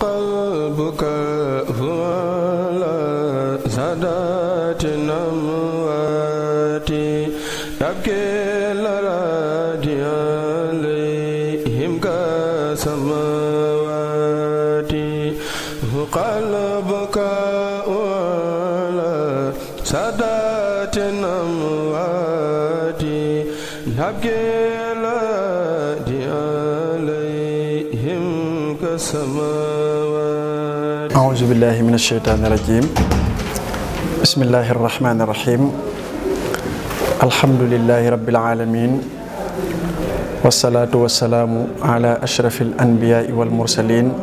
قلبك هو min asheytaani rajim bismillahi arrahmani irrahim alhamdulilahi rabbil alamin wasalaatu wasalaamu ala ashrafi al anbiyaai wal mursalin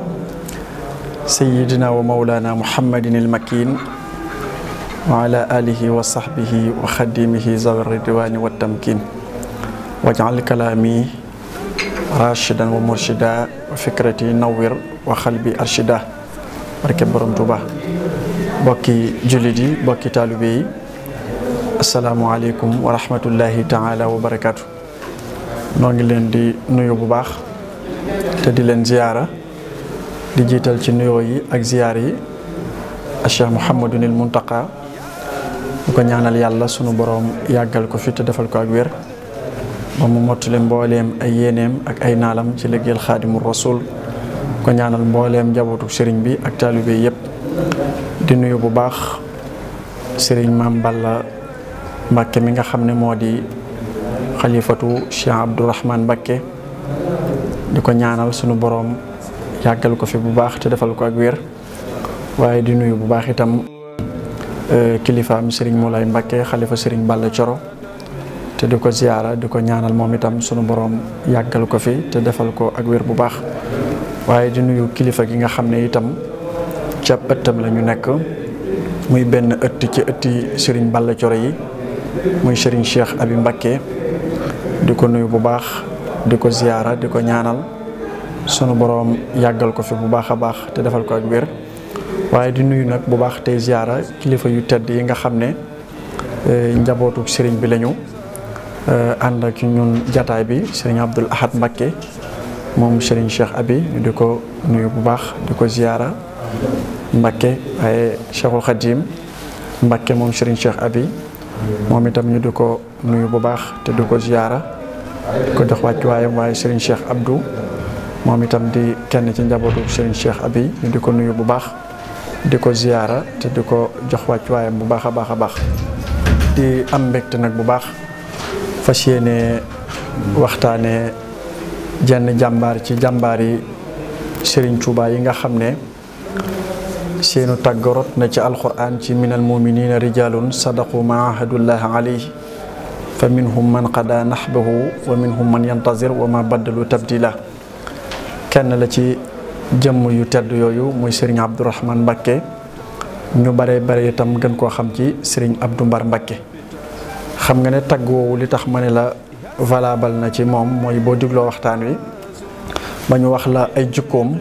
sayidina wa maulana muhammadin almakin wa ala alihi wa sahbihi wa xadimihi zawi ridwani wa tamkin wajal kalaami rashidan wa murshida wa fikrati nawir wa xalbi arshida barke borom Tuuba bokki jullit yi bokki taalibe yi asalaamualeykum wa rahmatullahi taala wa barakaatu. noo ngi leen di nuyu bu baax te di leen ziyaara di jiital ci nuyoo yi ak ziyaar yi Cheikh Mouhamadunil Muntaqa bu ko ñaanal yàlla sunu boroom yàggal ko fi te defal ko ak wér ba mu leen mbooleem ay yéeneem ak ay naalam ci liggéeyal xaadimu rasul ko ñaanal mbooleem njabootu sëriñ bi ak taalibe yëpp di nuyu bu baax sëriñ Maam Balla mbakke mi nga xam ne moo di xalifatu Cheikh Abdourahman Mbàkke di ko ñaanal sunu boroom yàggal ko fi bu baax te defal ko ak wér waaye di nuyu bu baax itam euh, kilifaam sëriñ Moulay Mbàkke xalifa sëriñ mballa Coro te di ko ziyaara di ko ñaanal moom itam sunu boroom yàggal ko fi te defal ko ak wér bu baax waaye di nuyu kilifa gi nga xam ne itam ca ëttam la ñu nekk muy benn ëtt ci ëtti Serigne Balla Thioro yi muy Serigne Cheikh Abi Mbacké di ko nuyu bu baax di ko ziyaara di ko ñaanal sunu boroom yàggal ko fi bu baax a baax te defal ko ak wér waaye di nuyu nag bu baax tey ziyaara kilifa yu tedd yi nga xam ne e, njabootu sëriñ bi lañu e, ànd ak ñun jataay bi sëriñ Abdul Ahad Mbacké moom Serigne Cheikh Abi di ko nuyu bu baax di ko ziyaara Mbakke waaye Cheikhul Mbakke moom Serigne Cheikh Abi moom itam ñu di ko nuyu bu baax te di ko ziyaara ko jox wàccuwaayam waaye Serigne Cheikh Abdou moom itam di kenn ci njabootu Serigne Cheikh Abi ñu di ko nuyu bu baax di ko ziyaara te di ko jox wàccuwaayam bu baax a baax a baax di am mbégte nag bu baax fas yéene waxtaanee jenn jàmbaar ci jàmbaar yi Serigne Touba yi nga xam ne seenu tàgg rot na ci alquran ci minal muminina rijalun sadaqu ma ahadullah alayhi fa minhum man qada nahbahu wa minhum man yantazir wa ma baddalu tabdila kenn la ci jëmm yu tedd yooyu muy Serigne Abdourahman Mbakke ñu bare bare itam gën koo xam ci sëriñ Abdou Mbar Mbakke xam nga ne tagg woowu li tax ma ne la valable na ci moom mooy boo dégloo waxtaan wi ba ñu wax la ay jukkoom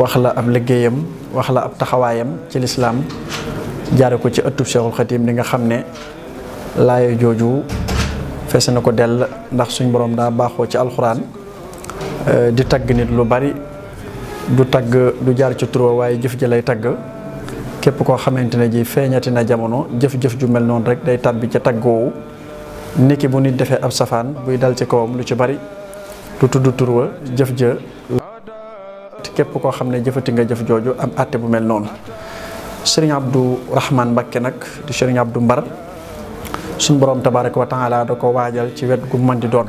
wax la ab liggéeyam wax la ab taxawaayam ci lislaam jaare ko ci ëttub Cheikhul Khatim di nga xam ne laaya jooju fees na ko dell ndax suñ borom daa baaxoo ci alxuraan eh, di tagg nit lu bari du tagg du jaar ci turoo waaye jëf ji lay tagg képp koo xamante ne ji feeñati na jamono jëf-jëf ju mel noonu rek day tàbbi ca tagg niki bu nit defee ab safaan buy dal ci kawam lu ci bari du tudd tur jëf ja képp koo xam ne jëfati nga jëf jooju am àtte bu mel noonu sëriñ Abdou Rahman Mbakke nag di sëriñ Abdou Mbar suñ borom tabaraka wa taala da ko waajal ci wet gu mën di doon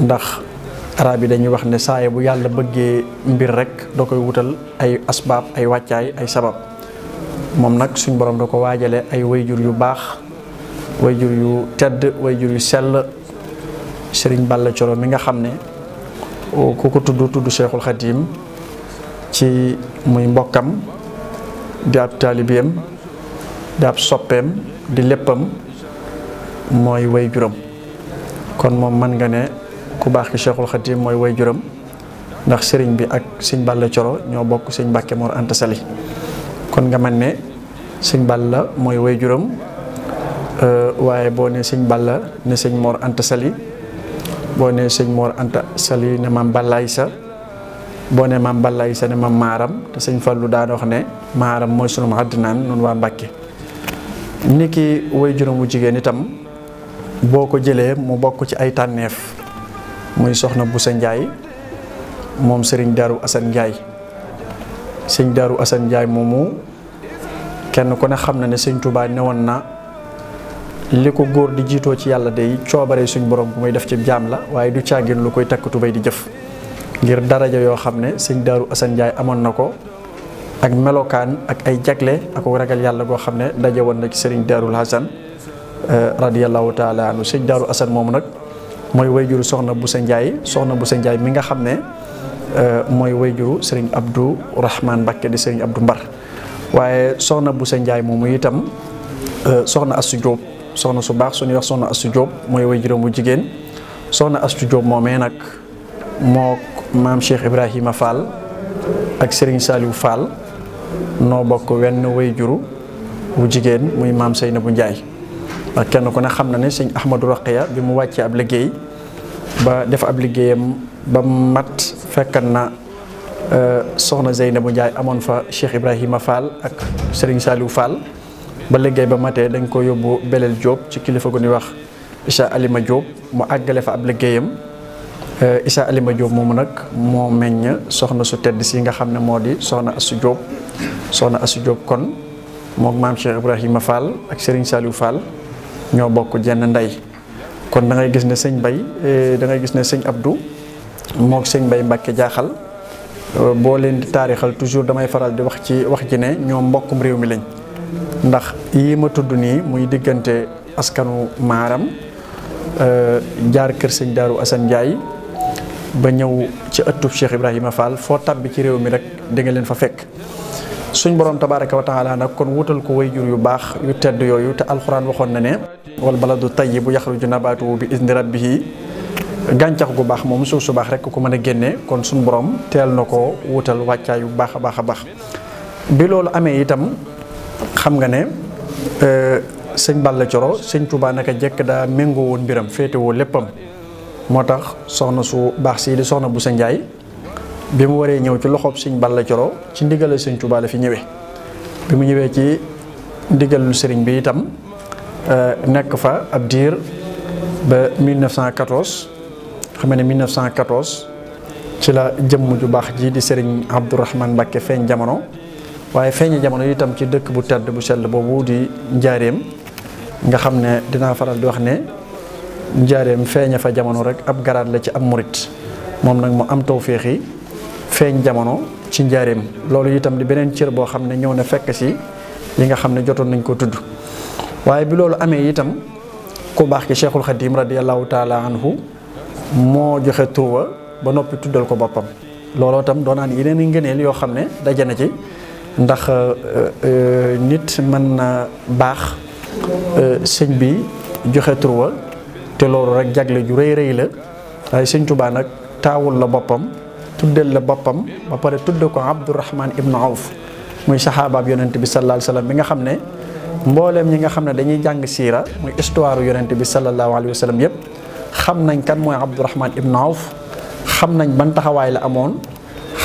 ndax arab yi dañuy wax ne saaye bu yàlla bëggee mbir rek da koy wutal ay asbaab ay wàccaay ay sabab moom nag suñ borom da ko waajalee ay wayjur yu baax way jur yu tedd way jur yu sell sëriñ Balla Coro mi nga xam ne ku ko tudd tudd Cheikhul Khadim ci muy mbokkam di ab taalibeem di ab soppeem di léppam mooy way juram kon moom mën nga ne ku baax ki Cheikhul Khadim mooy way juram ndax sëriñ bi ak sëñ Balla Coro ñoo bokk sëñ Mbàkke Mor Anta kon nga mën ne sëñ Balla mooy way juróom Euh, waaye boo ne sëñ Balla ne sëñ Mor Anta Sali boo ne sëñ Mor Anta Sali ne maam Balla Aïssa boo ne maam Balla Aïssa ne maam Maaram te sëñ Fallou daan wax ne Maaram mooy sunu àddinaan noonu waa Mbàkke ni ki way juróom jigéen itam boo ko jëlee mu bokk ci ay tànneef muy soxna bu Boussa njaay moom sëriñ Darou Assane Ndiaye sëñ Darou Assane Ndiaye moomu kenn ku ne xam na ne sëñ Touba newoon na li ko góor di jiitoo ci yàlla day coobare suñ borom bu muy def ci jaam la waaye du caagin lu koy takk tubéy di jëf ngir daraja yoo xam ne sëñ Daaru Asan Njaay amoon na ko ak melokaan ak ay jagle ak ragal yàlla goo xam ne daje woon na ci sëriñ Daarul Hasan eh, radiyallahu taala anhu sëñ Daaru Asan moomu nag mooy wayjuru soxna bu sa Njaay soxna bu sa Njaay mi nga xam ne eh, mooy wayjuru sëriñ abdu Rahman Mbakke di sëriñ Abdou Mbar waaye soxna bu sa Njaay moomu itam eh, soxna Asu soxna su baax su ñuy wax soxna Astu Jóob mooy way juróom bu jigéen soxna Astu Jóob moomee nag moo maam Cheikh Ibrahima Fall ak sëriñ Saliou Fall noo bokk wenn way jigéen muy maam Seynabou Ndiaye ndax kenn ku ne xam na ne sëñ Ahmadou Raqiya bi mu wàccee ab liggéey ba def ab liggéeyam ba mat fekkan na euh, soxna Seynabou Ndiaye amoon fa Cheikh Ibrahima Fall ak Serigne Saliou Fall ba liggéey ba matee dañ ko yóbbu Belel Diop ci kilifa gu ñuy wax Issa Alima Diop mu àggale fa ab liggéeyam euh, Issa Alima Diop moomu nag moo meññ soxna su tedd si nga xam ne moo di soxna Assu Diop soxna Assu Diop kon mook maam Cheikh Ibrahima Fall ak Serigne Saliou Fall ñoo bokk jenn ndey kon da ngay gis ne sëñ Bay euh, da ngay gis ne sëñ abdu mook sëñ Bay Mbàkke jaaxal euh, boo leen di taarixal toujours damay faral di wax ci wax ji ne ñoom mbokkum réew mi lañ ndax yii ma tudd nii muy diggante askanu maaram euh, jaar kër sëñ Daaru Assane Ndiaye ba ñëw ci ëttub Cheikh Ibrahima Fall foo tàbbi ci réew mi rek di nga leen fa fekk suñ borom tabaraka wa taala nag kon wutal ko way jur yu baax yu tedd yooyu te alxuraan waxoon na ne wal baladu tayyibu yaxruju nabaatuhu bi izni rabbihi gàncax gu baax moom suuf su baax rekk ku mën a génne kon suñ boroom teel na ko wutal wàccaay yu baax a baax a baax bi loolu amee itam xam nga ne euh, sëñ Balla Coro sëñ Touba a jekk daa méngoo woon mbiram féetewoo léppam moo tax soxna su baax sii di soxna bu sa Njaay bi mu waree ñëw ci loxoob sëñ Balla Coro ci ndigal sëñ Touba la fi ñëwee bi mu ñëwee ci ndigalul sëriñ bi itam euh, nekk fa ab diir ba 1914 xam ne 1914 ci la jëmm ju baax ji di sëriñ Abdourahman Mbacké feeñ jamono waaye feeñi jamono itam ci dëkk bu tedd bu sell boobu di njaareem nga xam ne dinaa faral di wax ne njaareem feeña fa jamono rek ab garaat la ci am murit moom nag mu am taw tawféexi feeñ jamono ci njaareem loolu itam di beneen cër boo xam ne ñëw na fekk si yi nga xam ne jotoon nañ ko tudd waaye bi loolu amee itam ku baax ki cheikhul xadim radiallahu taala anhu moo joxe tuuba ba noppi tuddal ko boppam looloo itam doonaan yeneen i ngëneel yoo xam ne daje na ci ndax euh, euh, nit mën na baax euh, sëñ bi joxe tur te loolu rek jagle ju rëy rëy la waaye sëñ Tuubaa nag taawul la boppam tuddeel la boppam ba pare tudd ko Abdurahman ibnu Awf muy saxaabaab yonent bi sallallahu alayhi bi nga xam ne mbooleem ñi nga xam ne dañuy jàng siira muy histoire yonent bi sallallahu alayhi wa sallam yëpp xam nañ kan mooy Abdurahman ibnu Awf xam nañ ban taxawaay la amoon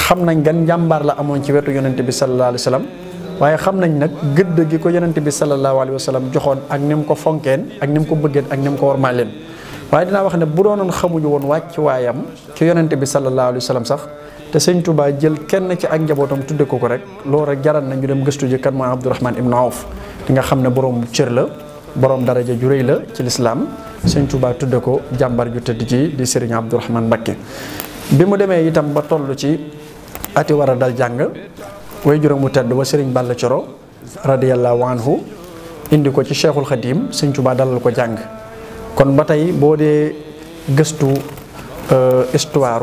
xam nañ gan njàmbaar la amoon ci wetu yonent bi sallallahu alayhi wa sallam waaye xam nañ nag gëdd gi ko yonent bi sallallahu alayhi wa joxoon ak ni mu ko fonkeen ak ni mu ko bëggeen ak ni mu ko warmaal leen waaye dinaa wax ne bu doonoon xamuñu woon wàcc waayam ci yonent bi sallallahu alayhi wa sallam sax te sëñ Touba jël kenn ci ak njabootam tudde ko ko rek loolu rek jaral nañ ñu dem gëstu ji kan mooy Abdourahman Ibn Awf di nga xam ne boroomu cër la boroom daraja ju rëy la ci lislaam sëñ Touba tudde ko jàmbar ju tëdd ji di Serigne Abdourahman Mbacké bi mu ati war dal jàng way juróomu tedd ba sëriñ Balla Coro waan anhu indi ko ci cheikhul xadim sëñ dalal ko jàng kon ba tey boo dee gëstu euh, histoire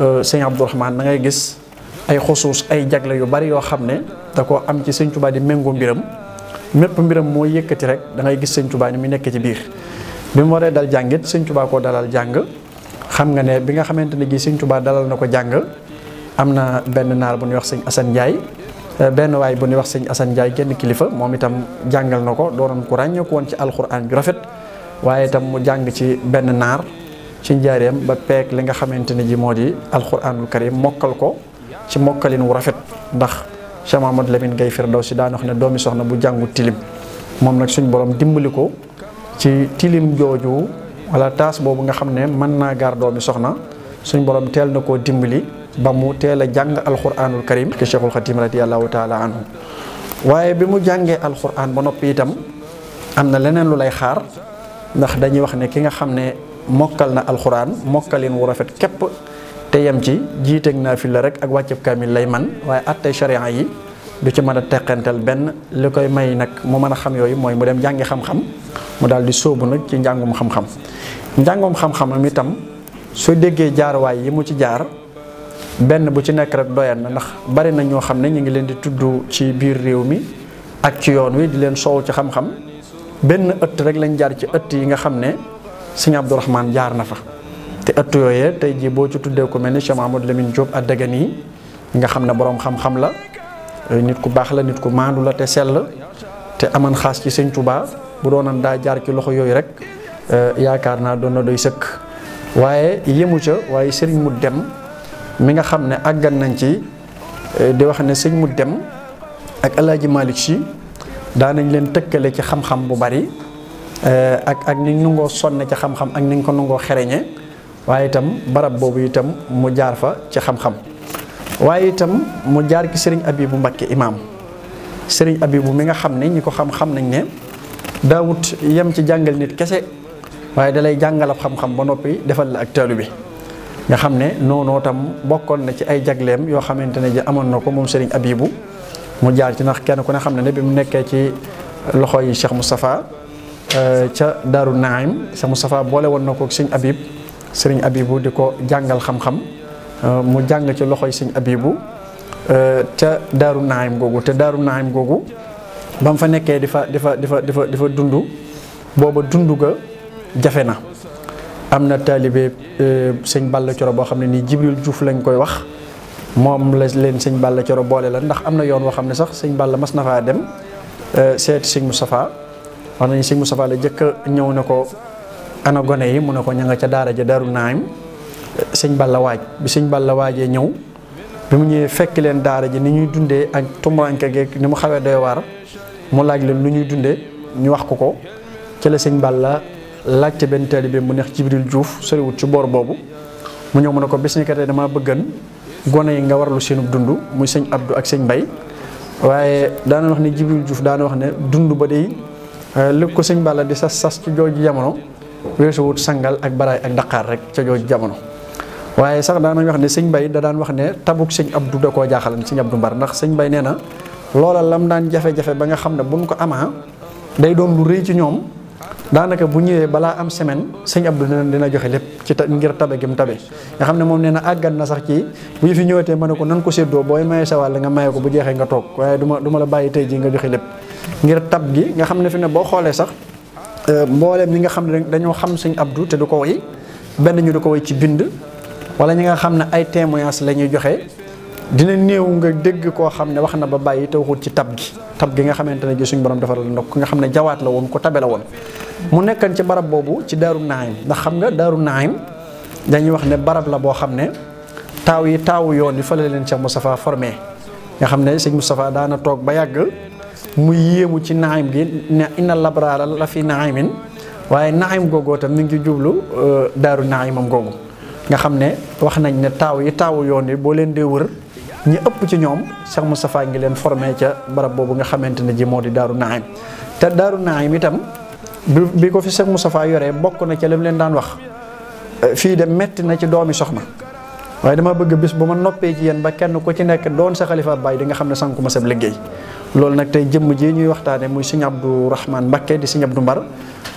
euh, sëñ Abdourahmane da ngay gis ay xusuus ay jagle yu bari yoo xam ne da ko am ci sëñ di méngoo mbiram mépp mbiram moo yëkkati rek dangay gis sëñ Tuubaa ni mu nekk ci biir bi mu waree dal jàngit sëñ Tuubaa dalal jàng xam nga ne bi nga xamante ni gi sëñ Tuubaa dalal na ko jàng am na benn naar bu ñuy wax sañ Assane Ndiaye euh, benn waay bu ñuy wax sëñ Assane Ndiaye genn kilifa moom itam jàngal na ko doonoon ku ràññeeku woon ci alxuraan ju rafet waaye itam mu jàng ci benn naar ci njaareem ba peek li nga xamante ne ji moo di alxuraanul karim mokkal ko ci mokkalin wu rafet ndax Cheikh Mamadou Lamine Gaye Firdawsi daan wax ne doomi soxna bu jàngu tilim moom nag suñ borom dimbali ko ci tilim jooju wala taas boobu nga xam ne mën naa gaar doomi soxna suñ borom teel na koo dimbali. ba mu teel a jàng alquranul karim ke cheikhul xatim radiallahu taala anhu waaye bi mu jàngee alquran ba noppi itam am na leneen lu lay xaar ndax dañuy wax ne ki nga xam ne mokkal na alxuraan mokkalin wu rafet képp te yem ci jiiteeg naa file rek ak wàcceb kaamil lay man waaye attey charia yi du ci mën a teqantal benn li koy may nag mu mën a xam yooyu mooy mu dem jàngi xam-xam mu daal di sóobu nag ci njàngum xam-xam njàngum xam-xamam itam soo déggee jaarwaay yi ci jaar benn bu ci nekk rek doyan na ndax bari na ñoo xam ne ñu ngi leen di tudd ci biir réew mi ak ci yoon wi di leen soow ci xam-xam benn ëtt rek lañ jaar ci ëtt yi nga xam ne Sëñ Abdourahmane jaar na fa te ëtt yooyee tey jii boo ci tuddee ku mel ni Cheikh Mahamadou Lamine Diop ak dagan yi nga xam ne boroom xam-xam la euh, nit ku baax la nit ku maandu la te sell te aman xas ci Sëñ Tuubaa bu doonan daa jaar ci loxo yooyu rek euh, yaakaar naa doon na doy sëkk waaye yemu ca waaye sëriñ mu dem mi nga xam ne àggan nañ ci eh, di wax ne sëñ mu dem ak alaaji Malick si daanañ leen tëkkale ci xam-xam bu bari eh, ak ak ni nungoo sonne ci xam-xam ak ni nga ko nungoo xereñe waaye itam barab boobu itam mu jaar fa ci xam-xam waaye itam mu jaar ci sëriñ Abibu Mbakke imaam sëriñ Abibu mi nga xam ne ñi ko xam-xam nañ ne daawut yem ci jàngal nit kese waaye dalay jàngalab xam-xam ba noppi defal la ak taalu bi nga xam ne noonu tam bokkoon na ci ay jagleem yoo xamante ne ji amoon na ko moom Serigne Abibou mu jaar ci ndax kenn ku ne xam ne ne bi mu nekkee ci loxo yi Cheikh Moustapha euh, ca Daaru Naim Cheikh Moustapha boole woon na ko ak Serigne Abib Serigne di ko jàngal xam-xam euh, mu jàng ci loxo yi Serigne Abibou euh, ca Daaru Naim googu te Daaru Naim googu ba mu fa nekkee di fa di dafa dund booba dund ga jafe na am na taalibe euh, sëñ Balla Coro boo xam ne nii Jibril Diouf lañ koy wax moom la leen sëñ Balla Coro boole la ndax am na yoon woo xam ne sax sëñ Balla mas na faa dem euh, seet sëñ Moustapha wax nañu sëñ Moustapha la jëkk ñëw na ko ana gone yi mu ne ko ña nga ca daara ja daru naayam euh, sëñ Balla waaj bi sëñ Balla waajee ñëw bi mu ñëwee fekk leen daara ji ni ñuy dundee ak tumuranke geeg ni mu xawee doy waar mu laaj leen lu ñuy dundee ñu wax ko ko ci la sëñ Balla laajte benn taalibe mu neex Jibril juuf soriwut ci boor boobu mu ñëw mu ne ko bis ni kat damaa bëggan gone yi nga war lu seenub dund muy sëñ Abdou ak sëñ Mbay waaye daana wax ne Jibril Diouf daana wax ne dund ba day eh, lëg ko sëñ Balla di sas sas ci jooju jamono weesuwut sangal ak baraay ak daqaar ca jooju jamono waaye sax daanañ wax ne sëñ Mbay da daan wax ne tabuk sëñ Abdou da koo jaaxalan sëñ Abdou Mbar ndax sëñ Mbay nee na loola lam daan jafe-jafe ba nga xam ne buñ ko amaa day doon lu rëy ci ñoom daanaka bu ñëwee balaa am semaine sëñ Abdou dina joxe lépp ci ngir tabe gi mu tabe nga xam ne moom nee na àggan na sax ci bu ñu fi ñëwatee ma ne ko nan ko séddoo booy maye sa la nga maye ko bu jeexee nga toog waaye du ma du ma la bàyyi tey ji nga joxe lépp ngir tab gi nga xam ne fi ne boo xoolee sax euh, mbooleem ñi nga xam ne dañoo xam sëñ Abdou te du ko woy benn ñu du ko woy ci bind wala ñi nga xam ne ay témoignage la ñuy joxe dina néew nga dégg koo xam ne wax na ba bàyyi te waxul ci tab gi tab gi nga xamante ne ji suñ borom defaral ndox ki nga xam ne jawaat la woon ko tabe woon mu nekkan ci barab boobu ci daaru naayim ndax xam nga daaru naayim dañuy wax ne barab la boo xam ne taaw yi taawu yoon yi fële leen Cheikh Moustapha formé nga xam ne sëñ Moustapha daana toog ba yàgg mu yéemu ci naayim gi ne inna la fi naayimin waaye naayim googoo tam mi ngi jublu euh, daaru naayimam googu nga xam ne wax nañ ne taaw yi taawu yoon yi boo leen dee wër ñi ëpp ci ñoom Cheikh Moustapha ngi leen forme ca barab boobu nga xamante ne ji moo di Daaru Naim te Daaru Naim itam bi ko fi mu Moustapha yore bokk na ca lim leen daan wax eh, fii de metti na ci doomi sox soxna waaye dama bëgg bis bu ma noppee ci yéen ba kenn ku ci nekk doon sa xalifa baay di nga xam ne sànku ma sab liggéey loolu nag tey jëmm ji ñuy waxtaane muy sëñ Abdou Rahman Mbacké di sëñ Abdou Mbar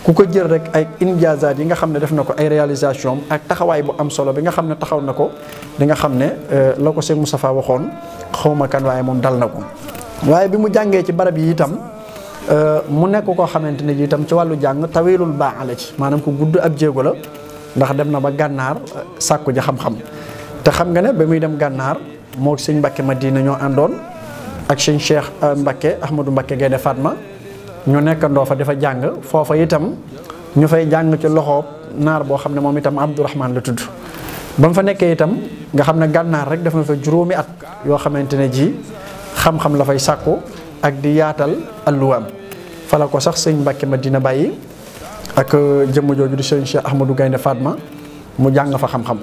ku ko jël rek ay injaazaat yi nga xam ne def na ko ay réalisation ak taxawaay bu am solo bi nga xam ne taxaw na ko di nga xam ne euh, la ko sëñ Moustapha waxoon xawma kan waaye moom dal na ko waaye bi mu jàngee ci barab yi itam euh, mu nekk koo xamante ne itam ci wàllu jàng tawilul baax la ci maanaam ko gudd ab jéego la ndax dem na ba gànnaar euh, sàkku ji xam-xam te xam nga ne ba muy dem gànnaar moo sëñ Mbacké Madina ñoo àndoon ak sëñ Cheikh euh, Mbacke Ahmadou Mbacke Gaynde Fatma ñu nekkandoo fa dafa jàng foofa itam ñu fay jàng ci loxo naar boo xam ne moom itam Abdourahman la tudd ba mu fa nekkee itam nga xam ne gànnaar rek dafa na fa juróomi at yoo xamante ne jii xam-xam la fay sàkku ak di yaatal alluwaam fa la ko sax sëñ Mbacke ma dina bàyyi ak euh, jëmm jooju di sëñ Cheikh Ahmadou Gaynde Fatma mu jàng fa xam-xam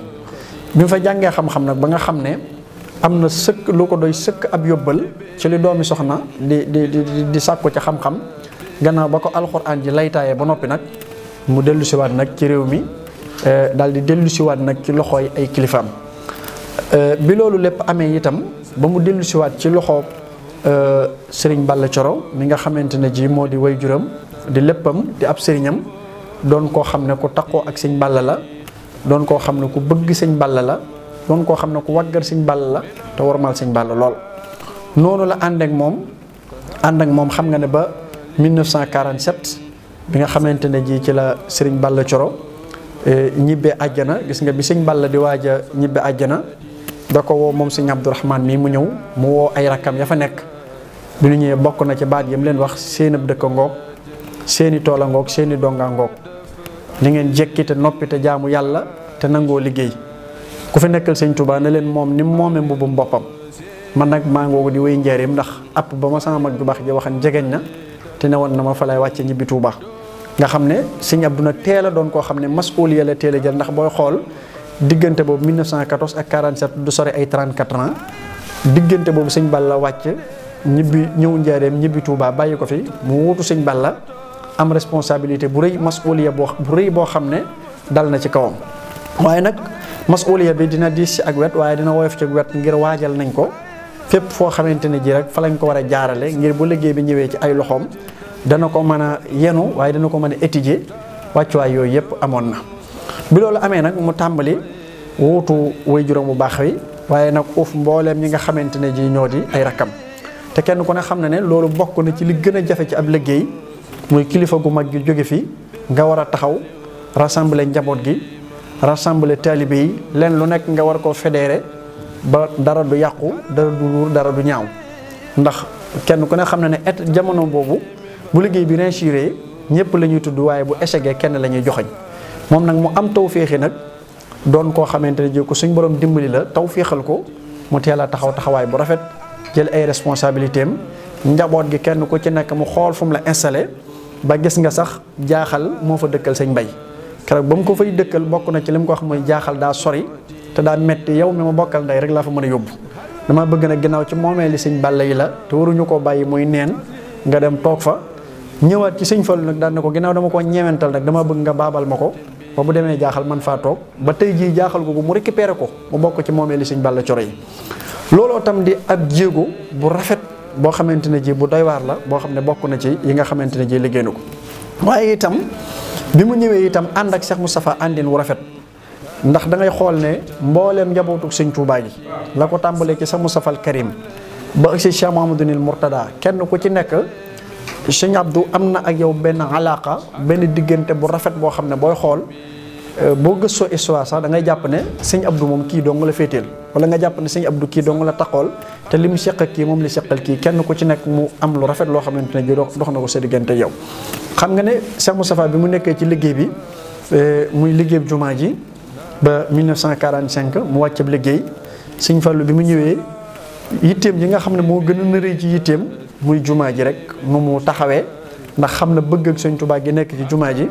bi mu fa jàngee xam-xam nag ba nga xam ne. am na sëkk lu ko doy sëkk ab yóbbal ci li doomi soxna di di di di sàkku ci xam-xam gannaaw ba ko alxuraan ji laytaaye ba noppi nag mu dellu siwaat nag ci réew mi eh, daal di dellu nag ci loxooy ay kilifaam eh, bi loolu lépp amee itam ba mu dellusiwaat siwaat ci loxo eh, sëriñ Balla Coro mi nga xamante ne ji moo di way juram di léppam di ab sëriñam doon koo xam ne ku taqoo ak sëñ Balla la doon koo xam ne ku bëgg sëñ Balla la doon koo xam ne ku waggar sëñ Balla la te warmal sëñ Balla lool noonu la ànd moom ànd ak moom xam nga ne ba 1947 bi nga xamante ne ji ci la sëriñ Balla Coro eh, ñibbe àjjana gis nga bi sëñ Balla di waaj a ñibbe àjjana da ko woo moom sëñ Abdourahman mii mu ñëw mu woo ay rakkam ya fa nekk bi ñu ñëwee bokk na ci baat yem leen wax seeni dëkk ngoog seeni tool ngoog seeni donga ngoog li ngeen jekki te noppi te jaamu yàlla te nangoo liggéey ku fi nekkal sëñ Touba ne leen moom ni mu moomee mbubbum boppam man nag maa ngoogu di wéy njaareem ndax app ba ma sama mag ju baax ji waxan jegeñ na te ne woon na ma fa lay wàcce ñibbi Touba nga xam ne sëñ Abdou nag teel a doon koo xam ne masuliya la teel a jël ndax booy xool diggante boobu 1914 ak 47 du sore ay 34 ans diggante boobu sëñ Balla wàcc ñibbi ñëw njaareem ñibbi Touba bàyyi ko fi mu wuutu bal la am responsabilité bu rëy masuliya boo bu rëy boo xam ne dal na ci kawam waaye nag masuliya bi dina diis ci ak wet waaye dina woyof ci wet ngir waajal nañ ko fépp foo xamante ne ji rek fa lañ ko war a jaarale ngir bu liggéey bi ñëwee ci ay loxoom dana ko mën a yenu waaye dana ko mën a étudier wàccuwaay yooyu yëpp amoon na. bi loolu amee nag mu tàmbali wuutu way juróom bu baax wi waaye nag uuf mbooleem ñi nga xamante ne ji ñoo di ay rakkam te kenn ku ne xam na ne loolu bokk na ci li gën a jafe ci ab liggéey muy kilifa gu mag gi jóge fi nga war a taxaw rassembler njaboot gi. rassembler taalibe yi leen lu nekk nga war koo fédéré ba dara du yàqu dara du luur dara du ñaaw ndax kenn ku ne xam na ne et jamono boobu bu liggéey bi réussiree ñëpp la ñuy tudd waaye bu échecgee kenn la ñuy joxeñ moom nag mu am taw féexi nag doon koo xamante ne ji ko suñ borom dimbali la tawféexal ko mu teel a taxaw taxawaay bu rafet jël ay responsabilité am njaboot gi kenn ku ci nekk mu xool fu mu la installé ba gis nga sax jaaxal moo fa dëkkal sañ mbay keroog ba mu ko fay dëkkal bokk na ci li mu ko wax mooy jaaxal daa sori te daan metti yow mi ma bokkal ndey rek laa fa mën a yóbbu dama bëgg na ginnaaw ci moomee li sëñ Balla yi la te waruñu koo bàyyi muy neen nga dem toog fa ñëwaat ci sëñ Fallu nag daan na ko ginnaaw dama ko ñewental nag dama bëgg nga baabal ma ko ba bu demee jaaxal man faa toog ba tey jii jaaxal googu mu récupéré ko mu bokk ci moomee li sëñ Balla coro yi looloo tam di ab jéego bu rafet boo xamante ne ji bu doy la boo xam ne bokk na ci yi nga xamante ne ji liggéey na ko bi mu ñëwee itam ànd ak mu Moustapha àndin wu rafet ndax dangay xool ne mbooleem njabootu sëñ Touba gi la ko tàmbalee ci Cheikh Moustapha al Karim ba agsi Cheikh Mouhamadoul Mourtada kenn ku ci nekk sëñ du am na ak yow benn alaaka benn diggante bu rafet boo xam ne booy xool. Euh, boo gëstoo histoire sax da ngay jàpp ne sëñ Abdou moom kii dong la féeteel wala nga jàpp ne sëñ Abdou kii dong la taxool te li mu seqal kii moom li seqal kii kenn ku ci nekk mu am lu rafet loo xamante ne dox na ko sa diggante yow. xam nga ne Cheikh Moustapha bi mu nekkee ci liggéey bi euh, muy liggéey jumaa ji ba 1945 mu wàccab liggéey sëñ Fallou bi mu ñëwee yitteem yi nga xam ne moo gën a nëree ci yitteem muy jumaa ji rek nu mu taxawee ndax xam na bëgg ak sëñ Tuubaa gi nekk ci jumaa ji.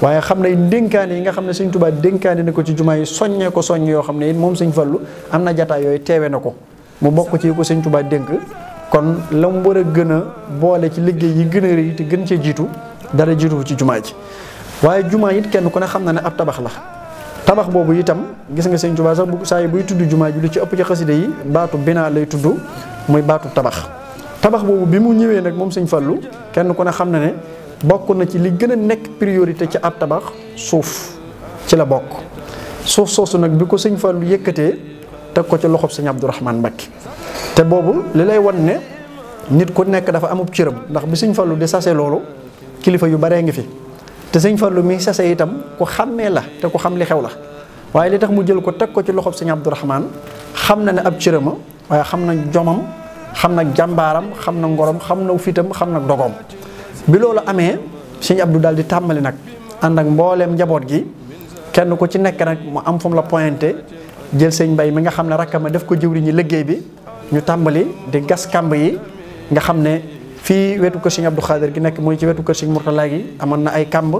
waaye xam na ne dénkaane yi nga xam ne sëñ Tuubaa dénkaane na ko ci jumaa yi soññee ko soññ yoo xam ne it moom sañ Fallu am na jataay yooyu teewe na ko mu bokk ci ko sëñ Tuubaa dénk kon la mu war a gën a boole ci liggéey yi gën a rëy gën cee jiitu dara jiitu ci jumaa ji waaye jumaa it kenn ku ne xam na ne ab tabax la tabax boobu itam gis nga sëñ Tuubaa sax bu saa yi buy tudd jumaa ji lu ci ëpp ci xasida yi baatu binaa lay tudd muy baatu tabax tabax boobu bi mu ñëwee nag moom sëñ Fallu kenn ku ne xam na ne bokk na ci li gën a nekk priorité ci ab tabax suuf ci la bokk suuf soosu nag bi ko sëñ Fallou yëkkatee teg ko ci loxob sëñ Abdourahmane Mbacké te boobu li lay wan ne nit ku nekk dafa amub cëram ndax bi sëñ Fallou di sase loolu kilifa yu baree ngi fi te sëñ Fallou mi sase itam ku xàmmee la te ku xam li xew la waaye li tax mu jël ko teg ko ci loxob sëñ Abdourahmane xam na ne ab cërama waaye xam na jomam xam na jàmbaaram xam na ngorom xam na fitam xam na dogoom bi loolu amee sëñ Abdou daal di tàmbali nag ànd ak mbooleem njaboot gi kenn ku ci nekk nag mu am fom mu la pointé jël sëñ mbay mi nga xam ne rakkama def ko ñu liggéey bi ñu tàmbali di gas kàmb yi nga xam ne fii wetu kër sëñ Abdou Khadir gi nekk mooy ci wetu kër sëñ Mourtala gi amoon na ay kàmb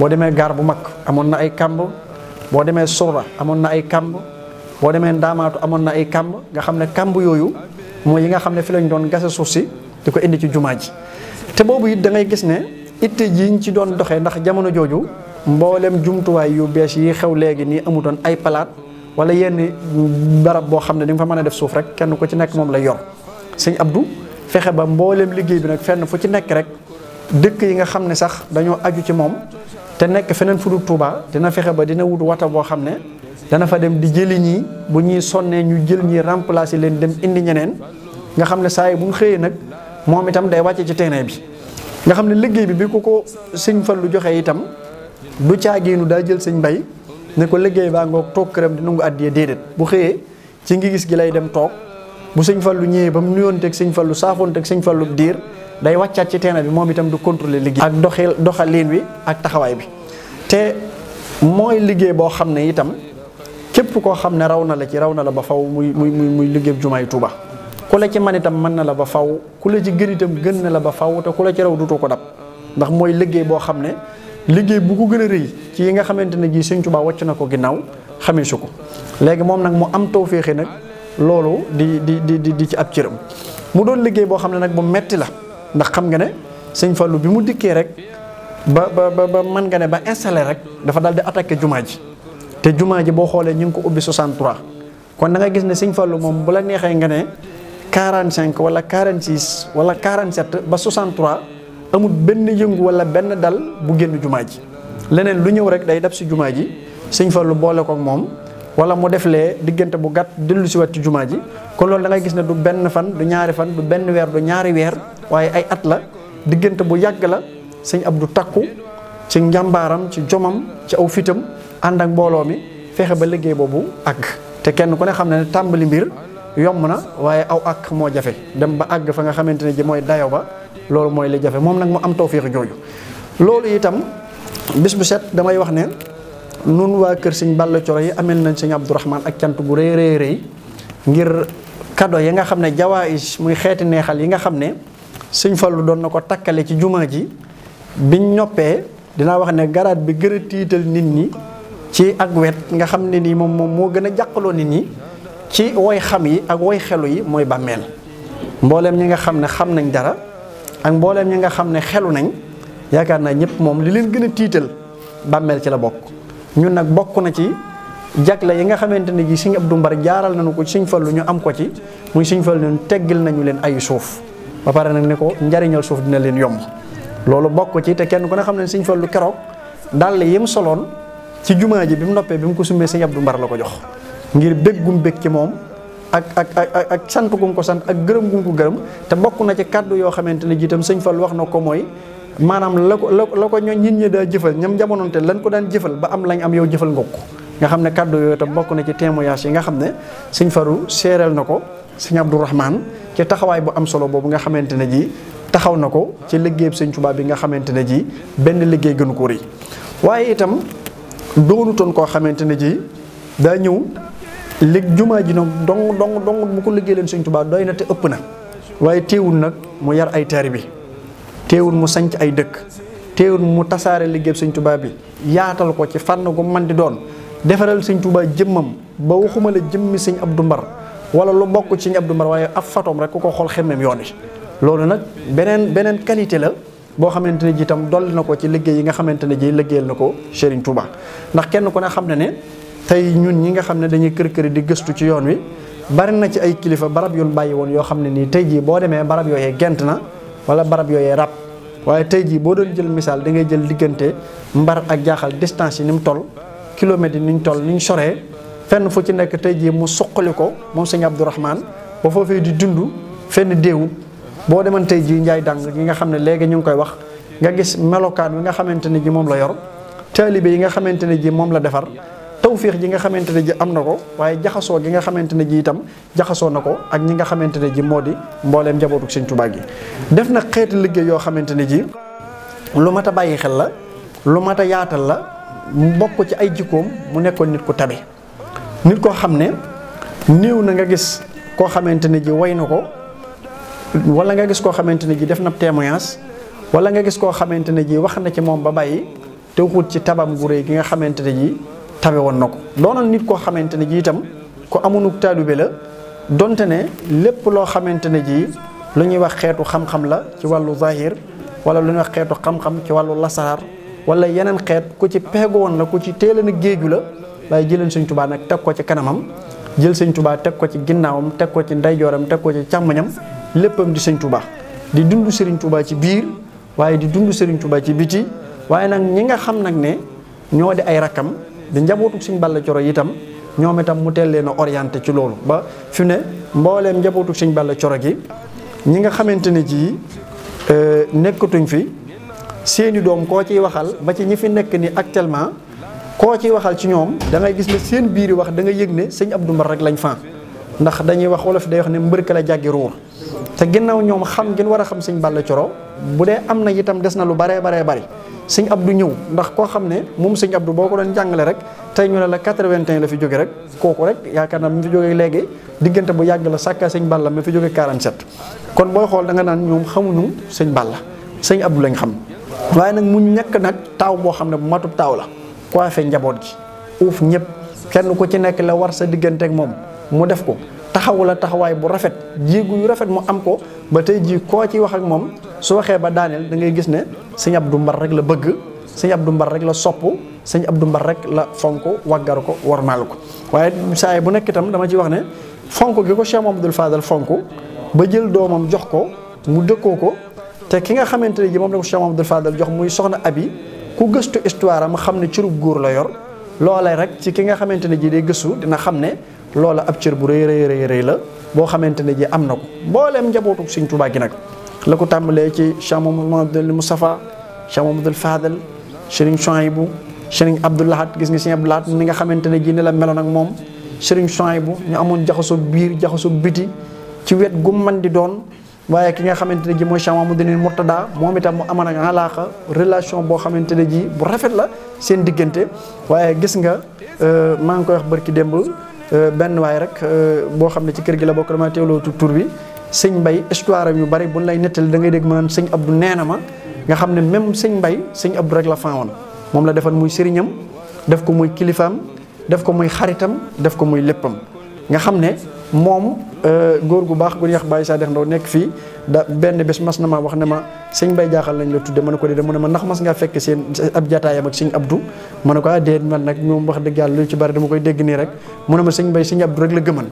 boo demee gaar bu mag amoon na ay kàmb boo demee Soura amoon na ay kàmb boo demee Ndaamaatu amoon na ay kamb nga xam ne kàmb yooyu mooy yi nga xam ne fi lañ doon gase suuf si di ko indi ci jumaa ji te boobu it da gis ne itte yiñ ci doon doxee ndax jamono jooju mboolem jumtuwaay yu bees yi xew léegi nii amutoon ay palaat wala yenn barab boo xam ne di fa mën a def suuf rek kenn ku ci nekk moom la yor sëñ Abdou fexe ba mboolem liggéey bi nag fenn fu ci nekk rek dëkk yi nga xam ne sax dañoo aju ci moom te nekk feneen fu dul dina fexe ba dina wut wata boo xam ne dana fa dem di jëli ñii bu ñuy sonnee ñu jël ñi remplacer leen dem indi ñeneen nga xam ne saa yi bu ñu xëyee nag moom itam day wàcce ci terrain bi nga xam ne liggéey bi bi ku ko sëñ Fallu joxe itam du caagiinu daa jël sëñ mbay ne ko liggéey baa ngoog toog këram di nangu àddiyee déedéet bu xëyee ci ngi gis gi lay dem toog bu sëñ lu ñëwee ba mu nuyoonteeg sëñ Fallu saafoonteeg sëñ Fallu diir day wàccaat ci terrain bi moom itam du contrôler liggéey ak doxil doxaliin wi ak taxawaay bi te mooy liggéey boo xam ne itam képp koo xam ne raw na la ci raw na la ba faw muy muy muy liggéey jumaay Tuuba ku la ci man itam mën na la ba faw ku la ci gën itam gën na la ba faw te ku la ci raw dutu ko dab ndax mooy liggéey boo xam ne liggéey bu ko gën a rëy ci yi nga xamante ne jii Sëñ Tuubaa wàcc na ko ginnaaw xamee su ko léegi moom nag mu am tawféexe nag loolu di di di di ci ab cëram mu doon liggéey boo xam ne nag bu metti la ndax xam nga ne Sëñ Fallu bi mu dikkee rek ba ba ba mën nga ne ba installé rek dafa daal di attaqué jumaa ji te jumaa ji boo xoolee ñu ngi ko ubbi 63 kon da nga gis ne Sëñ Fallu moom bu la neexee nga ne 45 wala 46 wala 47 ba 63 amul benn yëngu wala benn dal bu génn jumaa ji leneen lu ñëw rek day def si jumaa ji sëñ lu boole ko ak moom wala mu def lee diggante bu gàtt dellu si wat ci jumaa ji kon loolu da gis ne du benn fan du ñaari fan du benn weer du ñaari weer waaye ay at la diggante bu yàgg la sëñ Abdu takku ci njàmbaaram ci jomam ci aw fitam ànd ak mbooloo mi fexe ba liggéey boobu àgg te kenn ku ne xam ne tàmbali mbir yomb na waaye aw àkk moo jafe dem ba àgg fa nga xamante ne ji mooy dayo ba loolu mooy li jafe moom nag mu am tawféexu jooju loolu itam bis bu set damay wax ne nun waa kër sëñ Balla Coro yi amel nañ sëñ Abdourahman ak cant bu rëy rëy rëy ngir kado yi nga xam ne jawaayis muy xeeti neexal yi nga xam ne sëñ Fallu doon na ko takkale ci jumaa ji biñ ñoppee dinaa wax ne garaat bi gën a tiital nit ñi ci ak wet nga xam ne nii moom moom moo gën a jàqaloo nit ñi ci woy xam yi ak woy xelu yi mooy bàmmeel mbooleem ñi nga xam ne xam nañ dara ak mbooleem ñi nga xam ne xelu nañ yaakaar naa ñëpp moom li leen gën a tiital bàmmeel ci la bokk ñun nag bokk na ci jagle yi nga xamante ne ji Sëñ Abdou Mbar jaaral nañu ko Sëñ lu ñu am ko ci muy Sëñ Fallu leen teggil nañu leen ayu suuf ba pare nag ne ko njariñal suuf dina leen yomb loolu bokk ci te kenn ku ne xam ne Sëñ lu keroog dàll yi mu soloon ci jumaa ji bi mu noppee bi mu ko summee Sëñ Abdou Mbar la ko jox ngir bég gum bég ci moom ak ak ak sant gum ko sant ak gërëm gum ko gërëm te bokk na ci kàddu yoo xamante ne jiitam sëñ Fall wax na ko mooy maanaam la ko la ko ñoo nit ñi daa jëfal ñam jamonoonte lañ ko daan jëfal ba am lañ am yow jëfal nga nga xam ne kàddu yooyu tam bokk na ci témoignage yi nga xam ne sëñ Faru seereel na ko sëñ Abdourahman ci taxawaay bu am solo boobu nga xamante ne ji taxaw na ko ci liggéeyub sëñ Tuubaa bi nga xamante ne ji benn liggéey gënu ko rëy waaye itam doonutoon koo xamante ne ji daa ñëw léegi jumaa ji nag dong dong dong ko liggéey leen Sëñ Tuubaa doy na te ëpp na waaye teewul nag mu yar ay taalibe bi teewul mu sanc ay dëkk teewul mu tasaare liggéey Sëñ Tuubaa bi yaatal ko ci fànn gu man di doon defaral Sëñ Tuubaa jëmmam ba waxuma la jëmmi Sëñ Abdu Mbar wala lu mbokk ci ab du Mbar waaye ab fatoom rek ku ko xool xemmem yoon wi loolu nag beneen beneen qualité la boo xamante ne ji itam dolli na ko ci liggéey yi nga xamante ne ji liggéeyal na ko Sëriñ Tuubaa ndax kenn ku ne xam ne ne tey ñun ñi nga xam ne dañuy kër kër di gëstu ci yoon wi bari na ci ay kilifa barab yu bàyyi woon yoo xam ne nii tey jii boo demee barab yooyee gent na wala barab yooyee rab waaye tey jii boo doon jël misaal da ngay jël diggante mbar ak jaaxal distance yi ni mu toll kilomètres yi ni ñu toll ni ñu soree fenn fu ci nekk tey jii mu suqali ko moom sëñ Abdourahmane ba foofee di dund fenn déewu boo deman tey jii njaay dàng yi nga xam ne léegi ñu ngi koy wax nga gis melokaan wi nga xamante ne ji moom la yor taalibe yi nga xamante ne ji moom la defar tawféex ji nga xamante ne ji am na ko waaye jaxasoo gi nga xamante ne ji itam jaxasoo na ko ak ñi nga xamante ne ji moo di mbooleem njabootu Sëñ Tuubaa gi def na xeeti liggéey yoo xamante ne ji lu mat a bàyyi xel la lu mat a yaatal la bokk ci ay jikkoom mu nekkoon nit ku tabe nit koo xam ne néew na nga gis koo xamante ne ji way na ko wala nga gis koo xamante ne ji def na témoignage wala nga gis koo xamante ne ji wax na ci moom ba bàyyi te waxut ci tabam gu réy nga xamante ne ji tabe woon na ko doonoon nit koo xamante ne ji itam ku amunuk taalube la donte ne lépp loo xamante ne ji lu ñuy wax xeetu xam-xam la ci wàllu zahir wala lu ñuy wax xeetu xam-xam ci wàllu lasaraar wala yeneen xeet ku ci peegu woon la ku ci teel a géeju la waaye jëleen sëñ tubaa nag teg ko ci kanamam jël sëñ tubaa teg ko ci ginnaawam teg ko ci ndeyjooram teg ko ci càmmoñam léppam di sëñ tubaa di dund sëriñ tubaa ci biir waaye di dund sëriñ tubaa ci biti waaye nag ñi nga xam nag ne ñoo di ay rakkam di njabootu Sëñ Balla Coro itam ñoom itam mu teel leen a orienté ci loolu ba fi ne mbooleem njabootu Sëñ Balla Coro gi ñi nga xamante ne jii euh, nekkatuñ fi seeni doom koo ciy waxal ba ci ñi fi nekk ni actuellement koo ciy waxal ci ñoom dangay gis ne seen biir biiri wax da nga yëg ne sëñ ab Mbar rek lañ fan ndax dañuy wax wolof day wax ne mbërka la jàggi ruur te ginnaaw ñoom xam ngeen war a xam sëñ Balla Coro bu dee am na itam des na lu baree baree bari sëñ Abdou ñëw ndax koo xam ne moom sëñ Abdou boo ko doon jàngale rek tey ñu ne la 81 la fi jóge rek kooku rek yaakaar naa mu jóge léegi diggante bu yàgg la sàkka sëñ Balla ma fi jóge 47 kon booy xool da naan ñoom xamuñu sëñ Balla sëñ Abdou lañ xam waaye nag mu ñàkk nag taaw boo xam ne bu matub taaw la coiffé njaboot gi uuf ñëpp kenn ku ci nekk la war sa diggante ak moom mu def ko taxawu la taxawaay bu rafet jéegu yu rafet mu am ko ba tey jii koo ci wax ak moom su waxee ba daaneel da ngay gis ne sëñ Abdou Mbar rek la bëgg sëñ du Mbar rek la sopp sëñ Abdou Mbar rek la fonk waggar ko war naa la ko waaye saa bu nekk itam dama ci wax ne fonk gi ko Cheikh Mamadou Fadal fonk ba jël doomam jox ko mu dëkkoo ko te ki nga xamante ne ji moom la ko Cheikh Mamadou Fadal jox muy soxna Abi ku gëstu histoire am xam ne cërub góor la yor loolee rek ci ki nga xamante ne ji day gëstu dina xam ne loola ab cër bu rëy rëy rëy la boo xamante ne ji am na ko mbooleem njabootu suñu Tuubaa gi nag la ko tàmbalee ci Cheikh Mamadou Moustapha Cheikh Mamadou Fadel Serigne Souhaïbou Serigne Abdou Lahad gis nga Serigne Abdou Lahad ni nga xamante ne ji ni la meloon ak moom Serigne Souhaïbou ñu amoon jaxasoo biir jaxasoo biti ci wet gu man di doon waaye ki nga xamante ne ji mooy Cheikh Mamadou Mourtada moom itam mu amoon ak alaaxa relation boo xamante ne ji bu rafet la seen diggante waaye gis nga euh, maa ngi koy wax barki démb Euh, benn waay rek euh, boo xam ne ci kër gi la bokk dama teewloo tur bi sëñ mbay histoire yu bari buñ lay nettali da ngay dégg maanaam sëñ abdu nee na ma nga xam ne même sëñ mbay sëñ abdu rek la faawoon moom la defal muy sëriñam def ko muy kilifaam def ko muy xaritam def ko muy léppam nga xam ne moom euh, góor gu baax gu ñuy wax Baye Sadikh Ndaw nekk fii da benn bés mas na ma wax ne ma sëñ Baye jaaxal lañ la tudde ma ne ko dee mu ne ma ndax mas ngaa fekk seen ab jataayam ak sëñ Abdou ah, man nag ñoom wax dëgg yàlla lu ci bari dama koy dégg nii rek mu ne ma sëñ bay sëñ Abdou rek la gëman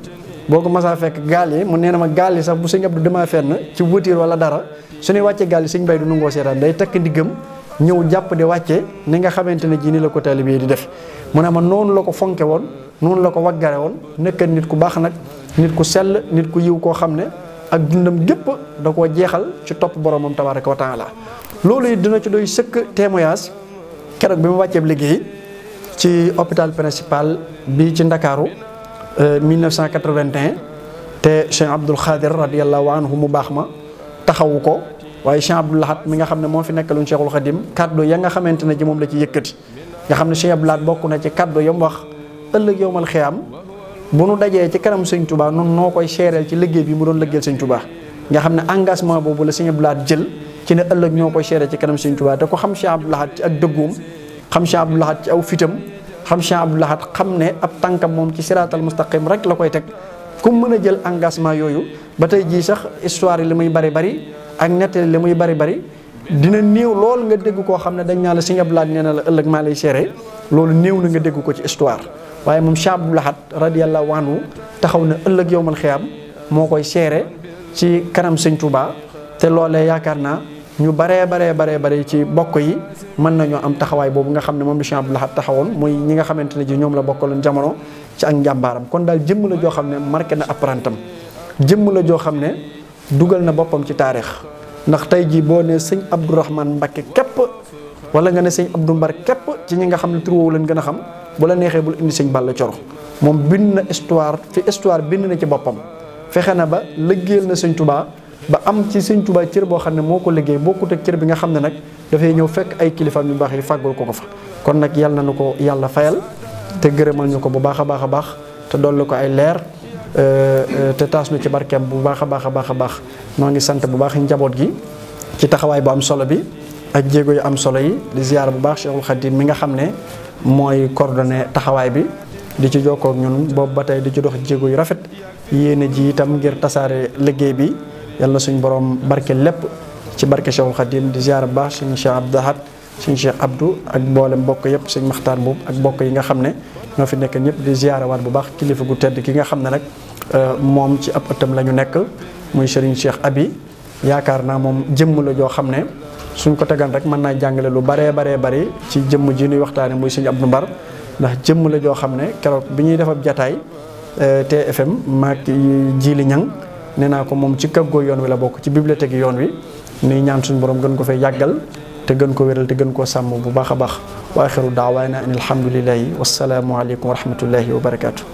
boo ko masaa fekk gaal yi mu nee na ma gaal yi sax bu sëñ Abdou demaa fenn ci wutir wala dara su ñuy wàccee gaal yi sëñ Baye du nangoo seetaan day takk ndiggam ñëw jàpp di wàcce ni nga xamante ne jii ni la ko taalibe di def mu ne ma noonu la ko fonke woon noonu la ko waggare woon nekkat nit ku baax nag nit ku sell nit ku yiw koo xam ne ak dundam gépp da koo jeexal ci topp boromam tabaraka wa taala loolu it dina ci dooy sëkk témoignage keroog bi mu wàcceeb liggéey ci hôpital principal bi ci Ndakaaru 1981 euh, te Cheikh Abdoul Khadir radiallahu anhu mu baax ma taxawu ko waaye Cheikh Abdou Lahad mi nga xam ne moo fi nekkaloon Cheikhul Khadim kaddu ya nga xamante ne ji moom la ci yëkkati nga xam ne Cheikh Abdou bokk na ci kaddu yam wax ëllëg yowmal xiyaam bu nu dajee ci kanam sëñ Touba noonu noo koy seereel ci liggéey bi mu doon liggéeyal sëñ tubaa nga xam ne engagement boobu la Cheikh Abdou Lahad jël ci ne ëllëg ñoo koy seereel ci kanam sëñ Touba te ko xam Cheikh Abdou Lahad ci ak dëggoom xam Cheikh Abdou Lahad ci aw fitam xam Cheikh Abdou xam ne ab tànkam moom ci siraatal mustaqim rek la koy teg ku mën a jël engagement yooyu ba tey jii sax histoire yi li muy bari bari ak nettali li muy bari bari dina néew loolu nga dégg koo xam ne dañ naa la Sëñ Abdu Lahat nee na la ëllëg maa lay seere loolu néew na nga dégg ko ci histoire waaye moom Cheikh Abdou Lahat radiyallahu anhu taxaw na ëllëg yowmal xiyaam moo koy seere ci kanam Sëñ Touba te loolee yaakaar naa ñu baree baree bare bare ci bokk yi mën nañoo am taxawaay boobu nga xam ne moom la Cheikh Abdou taxawoon mooy ñi nga xamante ne ji ñoom la bokk bokkaloon jamono ci ak njàmbaaram kon daal jëmm la joo xam ne marqué na apprentam jëmm la joo xam ne dugal na boppam ci taarix ndax tey jii boo ne sëñ Abdourahman Mbakke képp wala nga ne sëñ Abdou Mbar képp ci ñi nga xam ne tur woowu leen gën a xam bu la neexee bul indi sëñ Balla Coro moom bind na histoire fi histoire bind na ci boppam fexe na ba liggéeyal na sëñ Touba ba am ci sëñ Touba cër boo xam ne moo ko liggéey bokkut ak cër bi nga xam ne nag dafay ñëw fekk ay kilifaam yu baax yi fàggul ko ko fa kon nag yàlla na ko yàlla fayal te gërëmal ñu ko bu baax a baax a baax te dolli ko ay leer Euh, euh, te taas nu ci barkeem bu baax a baax a baax a baax noo ngi sant bu baax njaboot gi ci taxawaay bu am solo bi ak jéego yu am solo yi di ziyaara bu baax Cheikhul Khadim mi nga xam ne mooy coordonné taxawaay bi di ci jokkoo ñun boobu ba tey di ci dox jéego yu rafet yéene ji itam ngir tasaare liggéey bi yàlla suñ borom barke lépp ci barke Cheikhul Khadim di ziyaara bu baax suñu Cheikh Abdou Ahad sëñ Cheikh Abdou ak mboolem bokk yëpp sëñ waxtaan boobu ak bokk yi nga xam ne ñoo fi nekk ñëpp di ziyaarawaat bu baax kilifa gu tedd ki nga xam ne nag euh, moom ci ab ëttam la ñu nekk muy sëriñ Cheikh Abi yaakaar naa moom jëmm la joo xam ne suñ ko tegan rek mën naa jàngale lu baree baree bari ci jëmm ji nuy waxtaane muy sëñ Abdou Mbar ndax jëmm joo xam ne keroog bi ñuy defab jataay euh, TFM maak Jili Ñang nee naa ko moom ci kaggoo yoon wi la bokk ci bibliothèque yoon wi nuy ñaan suñu borom gën ko fay yàggal te gën ko wéral te gën koo sàmm bu baax a baax wa axiru daawaana an alhamdulilahi wasalaamualeykum wa rahmatullahi wa barakaatu.